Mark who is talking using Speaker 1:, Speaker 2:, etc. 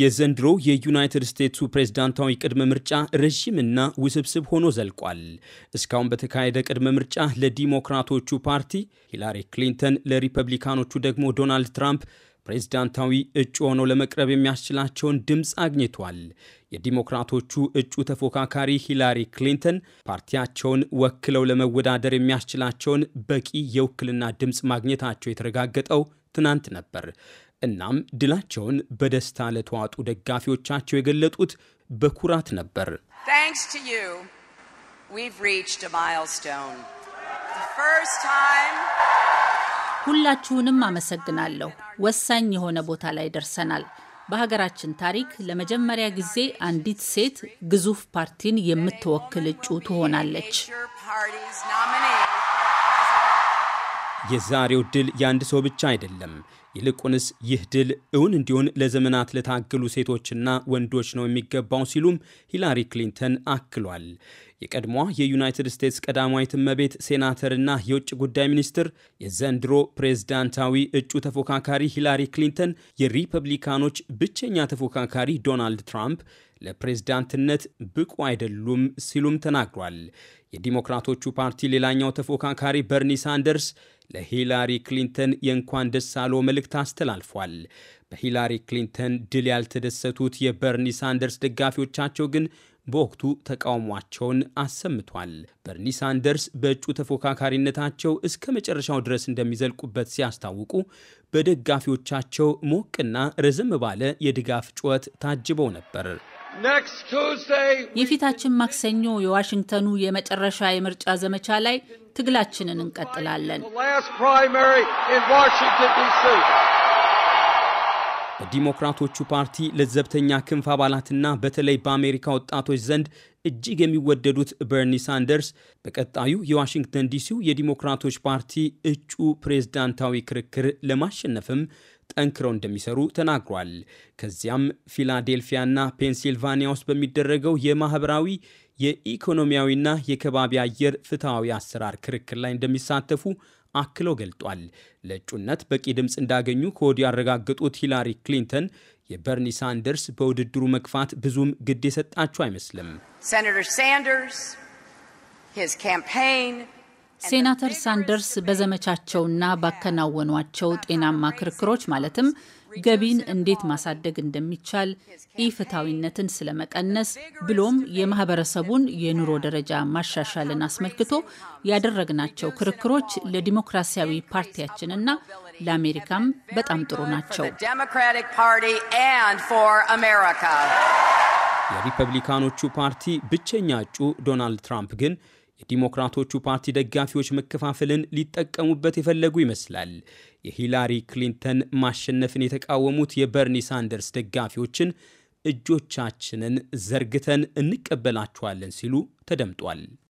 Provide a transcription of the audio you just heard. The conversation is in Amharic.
Speaker 1: የዘንድሮ የዩናይትድ ስቴትሱ ፕሬዝዳንታዊ ቅድመ ምርጫ ረዥምና ውስብስብ ሆኖ ዘልቋል። እስካሁን በተካሄደ ቅድመ ምርጫ ለዲሞክራቶቹ ፓርቲ ሂላሪ ክሊንተን፣ ለሪፐብሊካኖቹ ደግሞ ዶናልድ ትራምፕ ፕሬዝዳንታዊ እጩ ሆነው ለመቅረብ የሚያስችላቸውን ድምፅ አግኝቷል። የዲሞክራቶቹ እጩ ተፎካካሪ ሂላሪ ክሊንተን ፓርቲያቸውን ወክለው ለመወዳደር የሚያስችላቸውን በቂ የውክልና ድምፅ ማግኘታቸው የተረጋገጠው ትናንት ነበር። እናም ድላቸውን በደስታ ለተዋጡ ደጋፊዎቻቸው የገለጡት በኩራት ነበር።
Speaker 2: ሁላችሁንም አመሰግናለሁ። ወሳኝ የሆነ ቦታ ላይ ደርሰናል። በሀገራችን ታሪክ ለመጀመሪያ ጊዜ አንዲት ሴት ግዙፍ ፓርቲን የምትወክል እጩ ትሆናለች።
Speaker 1: የዛሬው ድል የአንድ ሰው ብቻ አይደለም። ይልቁንስ ይህ ድል እውን እንዲሆን ለዘመናት ለታገሉ ሴቶችና ወንዶች ነው የሚገባው ሲሉም ሂላሪ ክሊንተን አክሏል። የቀድሞዋ የዩናይትድ ስቴትስ ቀዳማዊት እመቤት ሴናተርና የውጭ ጉዳይ ሚኒስትር የዘንድሮ ፕሬዝዳንታዊ እጩ ተፎካካሪ ሂላሪ ክሊንተን የሪፐብሊካኖች ብቸኛ ተፎካካሪ ዶናልድ ትራምፕ ለፕሬዝዳንትነት ብቁ አይደሉም ሲሉም ተናግሯል። የዲሞክራቶቹ ፓርቲ ሌላኛው ተፎካካሪ በርኒ ሳንደርስ ለሂላሪ ክሊንተን የእንኳን ደስ አለው ። መልእክት መልእክት አስተላልፏል። በሂላሪ ክሊንተን ድል ያልተደሰቱት የበርኒ ሳንደርስ ደጋፊዎቻቸው ግን በወቅቱ ተቃውሟቸውን አሰምቷል። በርኒ ሳንደርስ በእጩ ተፎካካሪነታቸው እስከ መጨረሻው ድረስ እንደሚዘልቁበት ሲያስታውቁ በደጋፊዎቻቸው ሞቅና ረዘም ባለ የድጋፍ ጩኸት ታጅበው ነበር።
Speaker 2: የፊታችን ማክሰኞ የዋሽንግተኑ የመጨረሻ የምርጫ ዘመቻ ላይ ትግላችንን እንቀጥላለን።
Speaker 1: በዲሞክራቶቹ ፓርቲ ለዘብተኛ ክንፍ አባላትና በተለይ በአሜሪካ ወጣቶች ዘንድ እጅግ የሚወደዱት በርኒ ሳንደርስ በቀጣዩ የዋሽንግተን ዲሲው የዲሞክራቶች ፓርቲ እጩ ፕሬዝዳንታዊ ክርክር ለማሸነፍም ጠንክረው እንደሚሰሩ ተናግሯል። ከዚያም ፊላዴልፊያና ፔንሲልቫኒያ ውስጥ በሚደረገው የማህበራዊ የኢኮኖሚያዊና የከባቢ አየር ፍትሐዊ አሰራር ክርክር ላይ እንደሚሳተፉ አክሎ ገልጧል። ለእጩነት በቂ ድምፅ እንዳገኙ ከወዲሁ ያረጋገጡት ሂላሪ ክሊንተን የበርኒ ሳንደርስ በውድድሩ መግፋት ብዙም ግድ የሰጣቸው አይመስልም።
Speaker 2: ሴናተር ሳንደርስ በዘመቻቸውና ባከናወኗቸው ጤናማ ክርክሮች ማለትም ገቢን እንዴት ማሳደግ እንደሚቻል፣ ኢፍታዊነትን ስለመቀነስ ብሎም የማህበረሰቡን የኑሮ ደረጃ ማሻሻልን አስመልክቶ ያደረግናቸው ክርክሮች ለዲሞክራሲያዊ ፓርቲያችንና ለአሜሪካም በጣም ጥሩ ናቸው።
Speaker 1: የሪፐብሊካኖቹ ፓርቲ ብቸኛ እጩ ዶናልድ ትራምፕ ግን የዲሞክራቶቹ ፓርቲ ደጋፊዎች መከፋፈልን ሊጠቀሙበት የፈለጉ ይመስላል። የሂላሪ ክሊንተን ማሸነፍን የተቃወሙት የበርኒ ሳንደርስ ደጋፊዎችን እጆቻችንን ዘርግተን እንቀበላችኋለን ሲሉ ተደምጧል።